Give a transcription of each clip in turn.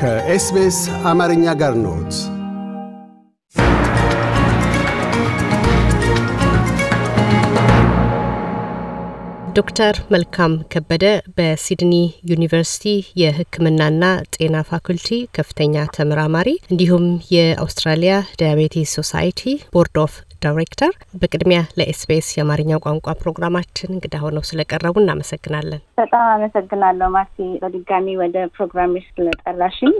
ከኤስቤስ አማርኛ ጋር ነት ዶክተር መልካም ከበደ በሲድኒ ዩኒቨርሲቲ የህክምናና ጤና ፋኩልቲ ከፍተኛ ተመራማሪ እንዲሁም የአውስትራሊያ ዲያቤቲስ ሶሳይቲ ቦርድ ኦፍ ዳይሬክተር፣ በቅድሚያ ለኤስቢኤስ የአማርኛ ቋንቋ ፕሮግራማችን እንግዳ ሆነው ስለቀረቡ እናመሰግናለን። በጣም አመሰግናለሁ ማርቲ፣ በድጋሚ ወደ ፕሮግራሚ ስለጠራሽኝ።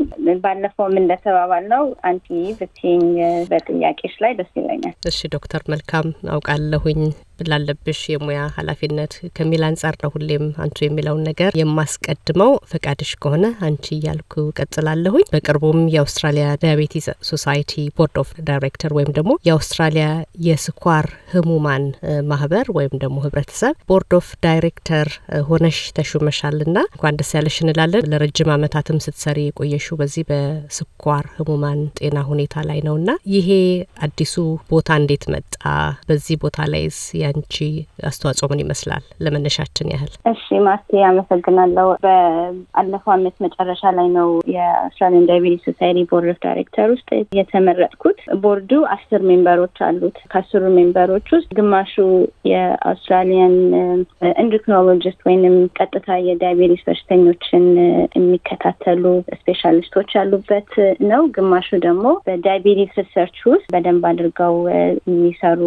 ባለፈውም እንደተባባልነው አንቲ ብትይኝ በጥያቄሽ ላይ ደስ ይለኛል። እሺ ዶክተር መልካም አውቃለሁኝ ላለብሽ የሙያ ኃላፊነት ከሚል አንጻር ነው ሁሌም አንቱ የሚለውን ነገር የማስቀድመው። ፈቃድሽ ከሆነ አንቺ እያልኩ ቀጥላለሁኝ። በቅርቡም የአውስትራሊያ ዳያቤቲስ ሶሳይቲ ቦርድ ኦፍ ዳይሬክተር ወይም ደግሞ የአውስትራሊያ የስኳር ህሙማን ማህበር ወይም ደግሞ ህብረተሰብ ቦርድ ኦፍ ዳይሬክተር ሆነሽ ና እንኳን ደስ ያለሽ እንላለን። ለረጅም ዓመታትም ስትሰሪ የቆየሽው በዚህ በስኳር ህሙማን ጤና ሁኔታ ላይ ና ይሄ አዲሱ ቦታ እንዴት መጣ? በዚህ ቦታ ላይስ ያንቺ አስተዋጽኦ ምን ይመስላል? ለመነሻችን ያህል። እሺ ማርቴ አመሰግናለሁ። በአለፈው አመት መጨረሻ ላይ ነው የአውስትራሊያን ዳያቤቲስ ሶሳይቲ ቦርድ ኦፍ ዳይሬክተር ውስጥ የተመረጥኩት። ቦርዱ አስር ሜምበሮች አሉት ከአስሩ ሜምበሮች ውስጥ ግማሹ የአውስትራሊያን ኢንዶክሪኖሎጂስት ወይንም ቀጥታ የዳያቤቲስ በሽተኞችን የሚከታተሉ ስፔሻሊስቶች ያሉበት ነው። ግማሹ ደግሞ በዳያቤቲስ ሪሰርች ውስጥ በደንብ አድርገው የሚሰሩ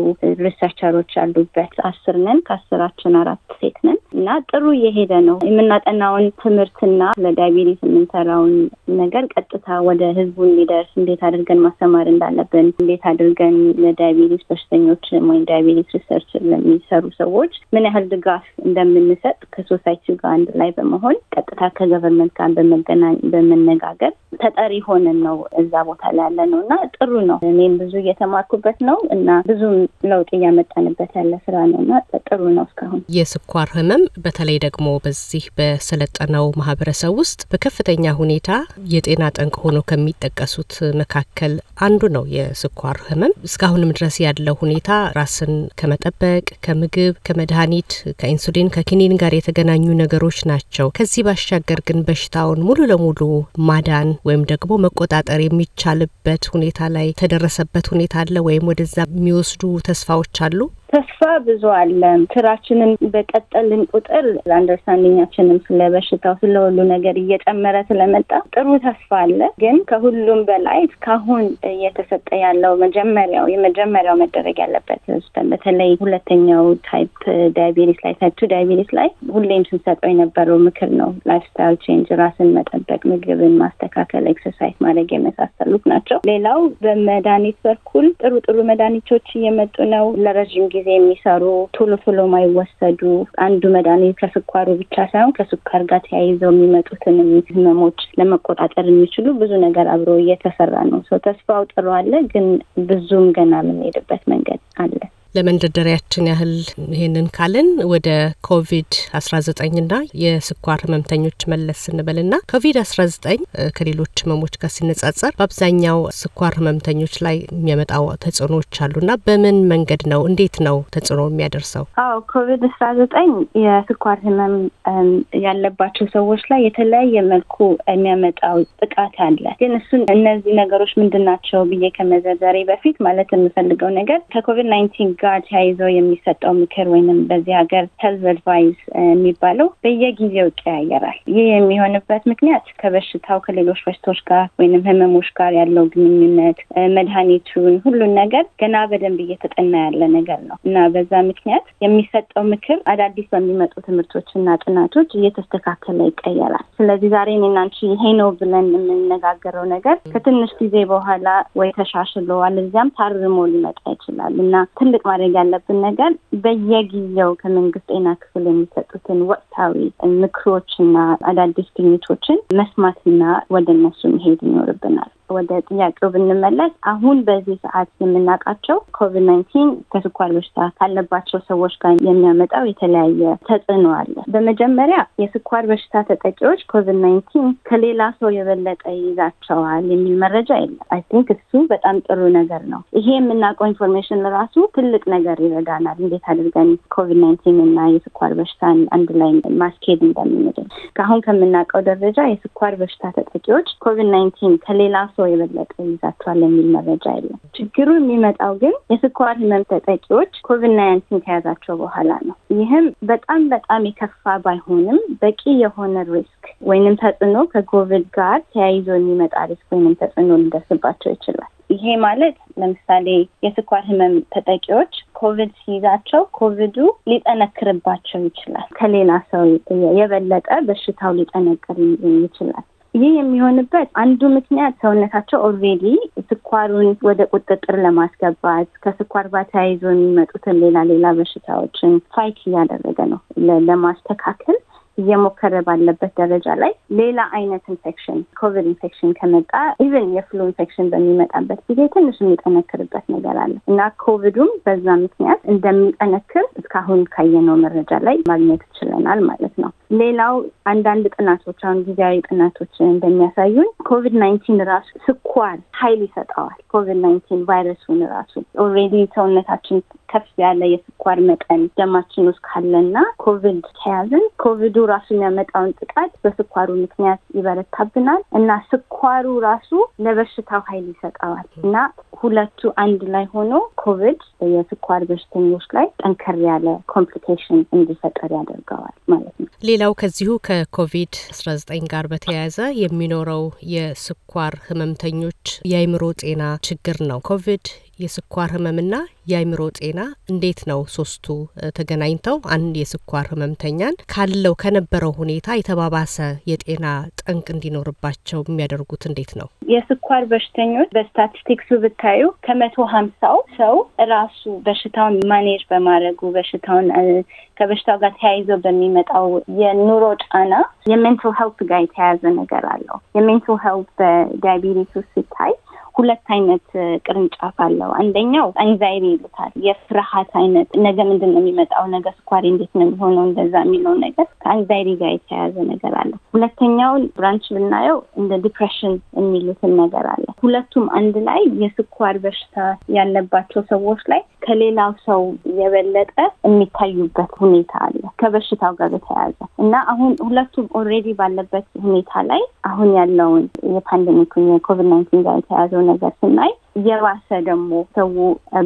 ሪሰርቸሮች ያሉበት አስር ነን። ከአስራችን አራት ሴት ነን እና ጥሩ እየሄደ ነው። የምናጠናውን ትምህርትና ለዳያቤቲስ የምንሰራውን ነገር ቀጥታ ወደ ህዝቡ እንዲደርስ እንዴት አድርገን ማስተማር እንዳለብን፣ እንዴት አድርገን ለዳያቤቲስ በሽተኞች ወይም ዳያቤቲስ ሪሰርች ለሚሰሩ ሰዎች ምን ያህል ድጋፍ እንደምንሰጥ ከሶሳይቲው ጋር አንድ ላይ በመሆን ቀጥታ ከገቨርንመንት ጋር በመነጋገር ተጠሪ ሆነን ነው እዛ ቦታ ላይ ያለ ነው እና ጥሩ ነው። እኔም ብዙ እየተማርኩበት ነው እና ብዙ ለውጥ እያመጣንበት ያለ ስራ ነው እና ጥሩ ነው። እስካሁን የስኳር ህመም በተለይ ደግሞ በዚህ በሰለጠነው ማህበረሰብ ውስጥ በከፍተኛ ሁኔታ የጤና ጠንቅ ሆኖ ከሚጠቀሱት መካከል አንዱ ነው የስኳር ህመም። እስካሁንም ድረስ ያለ ያለው ሁኔታ ራስን ከመጠበቅ ከምግብ፣ ከመድኃኒት፣ ከኢንሱሊን፣ ከኪኒን ጋር የተገናኙ ነገሮች ናቸው። ከዚህ ባሻገር ግን በሽታውን ሙሉ ለሙሉ ማዳን ወይም ደግሞ መቆጣጠር የሚቻልበት ሁኔታ ላይ የተደረሰበት ሁኔታ አለ ወይም ወደዛ የሚወስዱ ተስፋዎች አሉ? ተስፋ ብዙ አለ። ስራችንን በቀጠልን ቁጥር አንደርስታንዲንጋችንም ስለ በሽታው ስለ ሁሉ ነገር እየጨመረ ስለመጣ ጥሩ ተስፋ አለ። ግን ከሁሉም በላይ እስካሁን እየተሰጠ ያለው መጀመሪያው የመጀመሪያው መደረግ ያለበት በተለይ ሁለተኛው ታይፕ ዳያቤቲስ ላይ ታይፕ ቱ ዳያቤቲስ ላይ ሁሌም ስንሰጠው የነበረው ምክር ነው። ላይፍ ስታይል ቼንጅ፣ ራስን መጠበቅ፣ ምግብን ማስተካከል፣ ኤክሰርሳይዝ ማድረግ የመሳሰሉት ናቸው። ሌላው በመድኃኒት በኩል ጥሩ ጥሩ መድኃኒቶች እየመጡ ነው ለረዥም ጊዜ የሚሰሩ ቶሎ ቶሎ ማይወሰዱ አንዱ መድኃኒት ከስኳሩ ብቻ ሳይሆን ከስኳር ጋር ተያይዘው የሚመጡትን ህመሞች ለመቆጣጠር የሚችሉ ብዙ ነገር አብሮ እየተሰራ ነው። ሰው ተስፋው ጥሩ አለ፣ ግን ብዙም ገና የምንሄድበት መንገድ አለ። ለመንደርደሪያችን ያህል ይሄንን ካልን ወደ ኮቪድ-19 ና የስኳር ህመምተኞች መለስ ስንበል ና ኮቪድ-19 ከሌሎች ህመሞች ጋር ሲነጻጸር በአብዛኛው ስኳር ህመምተኞች ላይ የሚያመጣው ተጽዕኖዎች አሉ ና በምን መንገድ ነው እንዴት ነው ተጽዕኖ የሚያደርሰው? አዎ ኮቪድ 19 የስኳር ህመም ያለባቸው ሰዎች ላይ የተለያየ መልኩ የሚያመጣው ጥቃት አለ። ግን እሱን እነዚህ ነገሮች ምንድን ናቸው ብዬ ከመዘዘሬ በፊት ማለት የምፈልገው ነገር ከኮቪድ ናይንቲን ጋር ተያይዞ የሚሰጠው ምክር ወይንም በዚህ ሀገር ሄልዝ አድቫይስ የሚባለው በየጊዜው ይቀያየራል። ይህ የሚሆንበት ምክንያት ከበሽታው ከሌሎች በሽቶች ጋር ወይንም ህመሞች ጋር ያለው ግንኙነት፣ መድኃኒቱን፣ ሁሉን ነገር ገና በደንብ እየተጠና ያለ ነገር ነው እና በዛ ምክንያት የሚሰጠው ምክር አዳዲስ በሚመጡ እና ጥናቶች እየተስተካከለ ይቀየራል። ስለዚህ ዛሬ እኔና አንቺ ይሄ ነው ብለን የምንነጋገረው ነገር ከትንሽ ጊዜ በኋላ ወይ ተሻሽሎ አለዚያም ታርሞ ሊመጣ ይችላል እና ትልቅ ማድረግ ያለብን ነገር በየጊዜው ከመንግስት ጤና ክፍል የሚሰጡትን ወቅታዊ ምክሮችና አዳዲስ ግኝቶችን መስማትና ወደ እነሱ መሄድ ይኖርብናል። ወደ ጥያቄው ብንመለስ አሁን በዚህ ሰዓት የምናውቃቸው ኮቪድ ናይንቲን ከስኳር በሽታ ካለባቸው ሰዎች ጋር የሚያመጣው የተለያየ ተጽዕኖ አለ። በመጀመሪያ የስኳር በሽታ ተጠቂዎች ኮቪድ ናይንቲን ከሌላ ሰው የበለጠ ይዛቸዋል የሚል መረጃ የለም። አይ ቲንክ እሱ በጣም ጥሩ ነገር ነው። ይሄ የምናውቀው ኢንፎርሜሽን ራሱ ትልቅ ነገር ይረዳናል፣ እንዴት አድርገን ኮቪድ ናይንቲን እና የስኳር በሽታን አንድ ላይ ማስኬድ እንደምንችል። ከአሁን ከምናውቀው ደረጃ የስኳር በሽታ ተጠቂዎች ኮቪድ ናይንቲን ከሌላ ሰው የበለጠ ይዛቸዋል የሚል መረጃ የለም። ችግሩ የሚመጣው ግን የስኳር ህመም ተጠቂዎች ኮቪድ ናይንቲን ከያዛቸው በኋላ ነው። ይህም በጣም በጣም የከፋ ባይሆንም በቂ የሆነ ሪስክ ወይንም ተጽዕኖ ከኮቪድ ጋር ተያይዞ የሚመጣ ሪስክ ወይንም ተጽዕኖ ሊደርስባቸው ይችላል። ይሄ ማለት ለምሳሌ የስኳር ህመም ተጠቂዎች ኮቪድ ሲይዛቸው ኮቪዱ ሊጠነክርባቸው ይችላል። ከሌላ ሰው የበለጠ በሽታው ሊጠነቅር ይችላል። ይህ የሚሆንበት አንዱ ምክንያት ሰውነታቸው ኦልሬዲ ስኳሩን ወደ ቁጥጥር ለማስገባት ከስኳር ጋር ተያይዞ የሚመጡትን ሌላ ሌላ በሽታዎችን ፋይት እያደረገ ነው ለማስተካከል እየሞከረ ባለበት ደረጃ ላይ ሌላ አይነት ኢንፌክሽን ኮቪድ ኢንፌክሽን ከመጣ ኢቨን የፍሉ ኢንፌክሽን በሚመጣበት ጊዜ ትንሽ የሚጠነክርበት ነገር አለ እና ኮቪዱም በዛ ምክንያት እንደሚጠነክር እስካሁን ካየነው መረጃ ላይ ማግኘት ችለናል ማለት ነው። ሌላው አንዳንድ ጥናቶች አሁን ጊዜያዊ ጥናቶች እንደሚያሳዩን ኮቪድ ናይንቲን ራሱ ስኳር ኃይል ይሰጠዋል። ኮቪድ ናይንቲን ቫይረሱን ራሱ ኦልሬዲ ሰውነታችን ከፍ ያለ የስኳር መጠን ደማችን ውስጥ ካለና ኮቪድ ተያዝን ኮቪዱ ራሱ የሚያመጣውን ጥቃት በስኳሩ ምክንያት ይበረታብናል እና ስኳሩ ራሱ ለበሽታው ኃይል ይሰጠዋል እና ሁለቱ አንድ ላይ ሆኖ ኮቪድ የስኳር በሽተኞች ላይ ጠንከር ያለ ኮምፕሊኬሽን እንዲፈጠር ያደርገዋል ማለት ነው። ሌላው ከዚሁ ከኮቪድ አስራ ዘጠኝ ጋር በተያያዘ የሚኖረው የስኳር ህመምተኞች የአይምሮ ጤና ችግር ነው። ኮቪድ የስኳር ህመምና የአይምሮ ጤና እንዴት ነው ሶስቱ ተገናኝተው አንድ የስኳር ህመምተኛን ካለው ከነበረው ሁኔታ የተባባሰ የጤና ጠንቅ እንዲኖርባቸው የሚያደርጉት እንዴት ነው? የስኳር በሽተኞች በስታቲስቲክሱ ብታዩ ከመቶ ሀምሳው ሰው ራሱ በሽታውን ማኔጅ በማድረጉ በሽታውን ከበሽታው ጋር ተያይዞ በሚመጣው የኑሮ ጫና የሜንታል ሄልት ጋር የተያያዘ ነገር አለው። የሜንታል ሄልት ውስጥ ሲታይ ሁለት አይነት ቅርንጫፍ አለው። አንደኛው አንዛይሪ ይሉታል፣ የፍርሃት አይነት ነገ ምንድን ነው የሚመጣው፣ ነገ ስኳሪ እንዴት ነው የሚሆነው፣ እንደዛ የሚለው ነገር ከአንዛይሪ ጋር የተያያዘ ነገር አለ። ሁለተኛውን ብራንች ብናየው እንደ ዲፕሬሽን የሚሉትን ነገር አለ። ሁለቱም አንድ ላይ የስኳር በሽታ ያለባቸው ሰዎች ላይ ከሌላው ሰው የበለጠ የሚታዩበት ሁኔታ አለ ከበሽታው ጋር በተያያዘ እና አሁን ሁለቱም ኦሬዲ ባለበት ሁኔታ ላይ አሁን ያለውን የፓንደሚኩን የኮቪድ ናይንቲን ጋር የተያያዘው ነገር ስናይ እየባሰ ደግሞ ሰው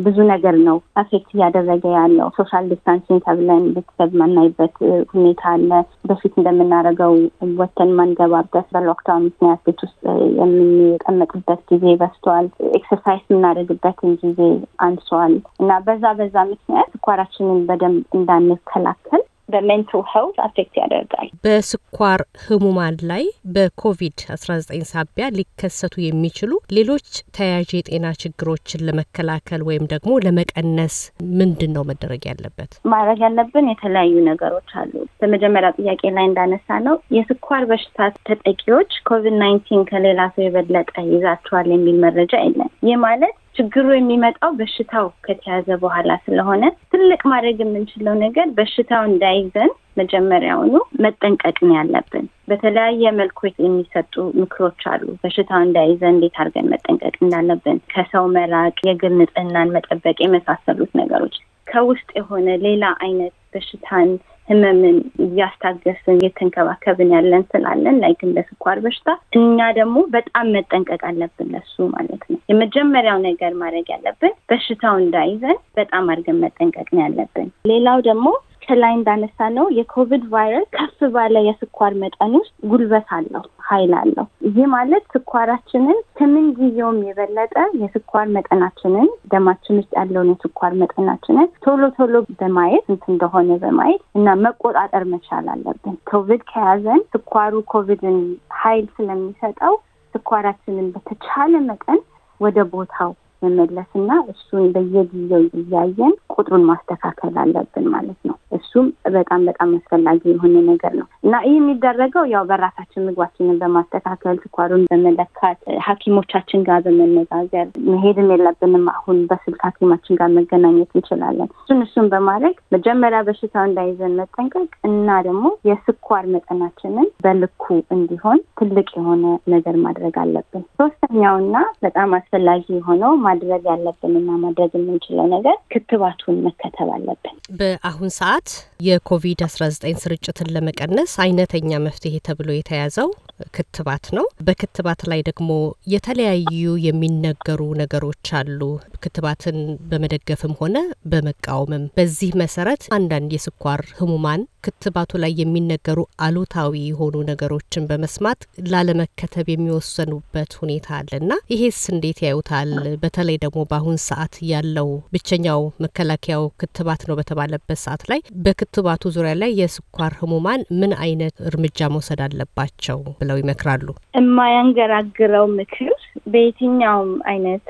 ብዙ ነገር ነው አፌክት እያደረገ ያለው። ሶሻል ዲስታንሲንግ ተብለን ቤተሰብ ማናይበት ሁኔታ አለ። በፊት እንደምናደርገው ወተን ማንገባበት በሎክዳውን ምክንያት ቤት ውስጥ የምንቀመጥበት ጊዜ በስተዋል። ኤክሰርሳይዝ የምናደርግበትን ጊዜ አንሷል እና በዛ በዛ ምክንያት ስኳራችንን በደንብ እንዳንከላከል በሜንታል ሄልት አፌክት ያደርጋል። በስኳር ህሙማን ላይ በኮቪድ 19 ሳቢያ ሊከሰቱ የሚችሉ ሌሎች ተያያዥ የጤና ችግሮችን ለመከላከል ወይም ደግሞ ለመቀነስ ምንድን ነው መደረግ ያለበት? ማድረግ ያለብን የተለያዩ ነገሮች አሉ። በመጀመሪያ ጥያቄ ላይ እንዳነሳ ነው የስኳር በሽታ ተጠቂዎች ኮቪድ ናይንቲን ከሌላ ሰው የበለጠ ይዛቸዋል የሚል መረጃ የለም። ይህ ማለት ችግሩ የሚመጣው በሽታው ከተያዘ በኋላ ስለሆነ ትልቅ ማድረግ የምንችለው ነገር በሽታው እንዳይዘን መጀመሪያውኑ መጠንቀቅ ነው ያለብን። በተለያየ መልኩ የሚሰጡ ምክሮች አሉ። በሽታው እንዳይዘን እንዴት አድርገን መጠንቀቅ እንዳለብን፣ ከሰው መራቅ፣ የግል ንጽህናን መጠበቅ የመሳሰሉት ነገሮች ከውስጥ የሆነ ሌላ አይነት በሽታን ህመምን እያስታገስን እየተንከባከብን ያለን ስላለን ላይ ግን ለስኳር በሽታ እኛ ደግሞ በጣም መጠንቀቅ አለብን ለሱ ማለት ነው። የመጀመሪያው ነገር ማድረግ ያለብን በሽታው እንዳይዘን በጣም አድርገን መጠንቀቅ ነው ያለብን። ሌላው ደግሞ ከላይ እንዳነሳ ነው የኮቪድ ቫይረስ ከፍ ባለ የስኳር መጠን ውስጥ ጉልበት አለው። ኃይል አለው። ይህ ማለት ስኳራችንን ከምን ጊዜውም የበለጠ የስኳር መጠናችንን ደማችን ውስጥ ያለውን የስኳር መጠናችንን ቶሎ ቶሎ በማየት እንት እንደሆነ በማየት እና መቆጣጠር መቻል አለብን። ኮቪድ ከያዘን ስኳሩ ኮቪድን ኃይል ስለሚሰጠው ስኳራችንን በተቻለ መጠን ወደ ቦታው መመለስ እና እሱን በየጊዜው እያየን ቁጥሩን ማስተካከል አለብን ማለት ነው። እሱም በጣም በጣም አስፈላጊ የሆነ ነገር ነው እና ይህ የሚደረገው ያው በራሳችን ምግባችንን በማስተካከል ስኳሩን በመለካት ሐኪሞቻችን ጋር በመነጋገር መሄድም የለብንም። አሁን በስልክ ሐኪማችን ጋር መገናኘት እንችላለን። እሱን እሱን በማድረግ መጀመሪያ በሽታው እንዳይዘን መጠንቀቅ እና ደግሞ የስኳር መጠናችንን በልኩ እንዲሆን ትልቅ የሆነ ነገር ማድረግ አለብን። ሶስተኛውና በጣም አስፈላጊ የሆነው ማድረግ ያለብን እና ማድረግ የምንችለው ነገር ክትባቱን መከተብ አለብን። በአሁን ሰዓት የኮቪድ-19 ስርጭትን ለመቀነስ አይነተኛ መፍትሄ ተብሎ የተያዘው ክትባት ነው። በክትባት ላይ ደግሞ የተለያዩ የሚነገሩ ነገሮች አሉ። ክትባትን በመደገፍም ሆነ በመቃወምም። በዚህ መሰረት አንዳንድ የስኳር ህሙማን ክትባቱ ላይ የሚነገሩ አሉታዊ የሆኑ ነገሮችን በመስማት ላለመከተብ የሚወሰኑበት ሁኔታ አለና ይሄስ እንዴት ያዩታል? በተለይ ደግሞ በአሁን ሰዓት ያለው ብቸኛው መከላከያው ክትባት ነው በተባለበት ሰዓት ላይ በክት ክትባቱ ዙሪያ ላይ የስኳር ህሙማን ምን አይነት እርምጃ መውሰድ አለባቸው ብለው ይመክራሉ? የማያንገራግረው ምክር በየትኛውም አይነት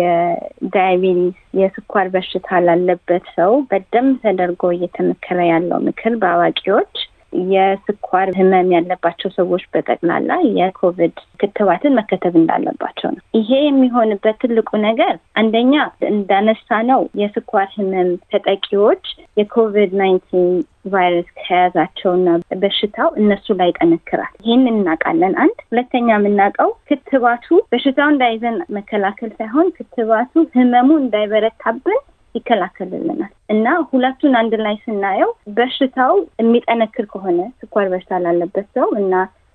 የዳያቤቲስ የስኳር በሽታ ላለበት ሰው በደንብ ተደርጎ እየተመከረ ያለው ምክር በአዋቂዎች የስኳር ህመም ያለባቸው ሰዎች በጠቅላላ የኮቪድ ክትባትን መከተብ እንዳለባቸው ነው። ይሄ የሚሆንበት ትልቁ ነገር አንደኛ እንዳነሳ ነው የስኳር ህመም ተጠቂዎች የኮቪድ ናይንቲን ቫይረስ ከያዛቸውና በሽታው እነሱ ላይ ይጠነክራል። ይህን እናውቃለን። አንድ ሁለተኛ የምናውቀው ክትባቱ በሽታው እንዳይዘን መከላከል ሳይሆን ክትባቱ ህመሙ እንዳይበረታብን ይከላከልልናል እና ሁለቱን አንድ ላይ ስናየው በሽታው የሚጠነክር ከሆነ ስኳር በሽታ ላለበት ሰው እና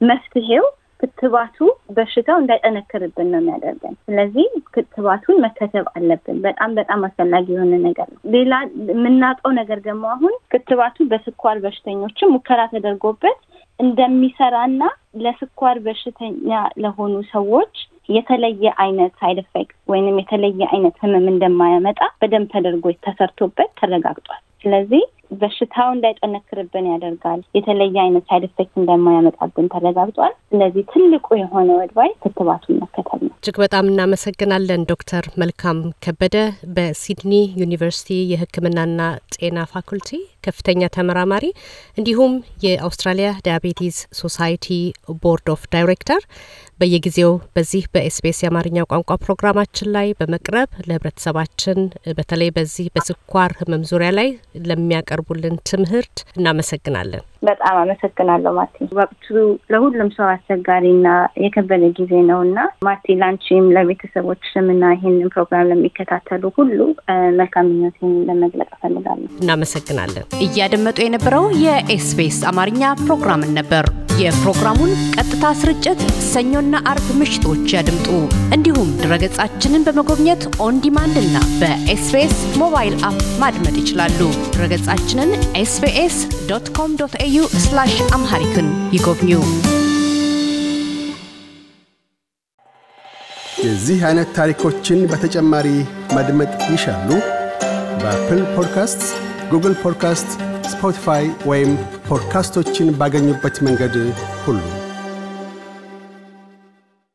መፍትሄው ክትባቱ በሽታው እንዳይጠነክርብን ነው የሚያደርገን። ስለዚህ ክትባቱን መከተብ አለብን። በጣም በጣም አስፈላጊ የሆነ ነገር ነው። ሌላ የምናውቀው ነገር ደግሞ አሁን ክትባቱ በስኳር በሽተኞችም ሙከራ ተደርጎበት እንደሚሰራና ለስኳር በሽተኛ ለሆኑ ሰዎች የተለየ አይነት ሳይድ ኢፌክት ወይንም የተለየ አይነት ህመም እንደማያመጣ በደንብ ተደርጎ ተሰርቶበት ተረጋግጧል። ስለዚህ በሽታው እንዳይጠነክርብን ያደርጋል። የተለየ አይነት ሳይድ ኢፌክት እንደማያመጣብን ተረጋግጧል። ስለዚህ ትልቁ የሆነ ወድባይ ክትባቱን መከተል ነው። እጅግ በጣም እናመሰግናለን ዶክተር መልካም ከበደ በሲድኒ ዩኒቨርሲቲ የሕክምናና ጤና ፋኩልቲ ከፍተኛ ተመራማሪ እንዲሁም የአውስትራሊያ ዲያቤቲስ ሶሳይቲ ቦርድ ኦፍ ዳይሬክተር በየጊዜው በዚህ በኤስቢኤስ የአማርኛ ቋንቋ ፕሮግራማችን ላይ በመቅረብ ለህብረተሰባችን በተለይ በዚህ በስኳር ህመም ዙሪያ ላይ ለሚያቀርቡልን ትምህርት እናመሰግናለን። በጣም አመሰግናለሁ ማቴ። ወቅቱ ለሁሉም ሰው አስቸጋሪና የከበደ ጊዜ ነው እና ማቴ ላንቺም ለቤተሰቦችም እና ይህንን ፕሮግራም ለሚከታተሉ ሁሉ መልካም ለመግለጽ እፈልጋለሁ። እናመሰግናለን። እያደመጡ የነበረው የኤስቢኤስ አማርኛ ፕሮግራምን ነበር። የፕሮግራሙን ቀጥታ ስርጭት ሰኞና አርብ ምሽቶች ያድምጡ። እንዲሁም ድረገጻችንን በመጎብኘት ኦንዲማንድ እና በኤስቢኤስ ሞባይል አፕ ማድመጥ ይችላሉ። ድረገጻችንን ኤስቢኤስ ዶት ኮም ዶት ኤዩ ኤዩ ስላሽ አምሃሪክን ይጎብኙ። የዚህ አይነት ታሪኮችን በተጨማሪ ማድመጥ ይሻሉ? በአፕል ፖድካስት፣ ጉግል ፖድካስት፣ ስፖቲፋይ ወይም ፖድካስቶችን ባገኙበት መንገድ ሁሉ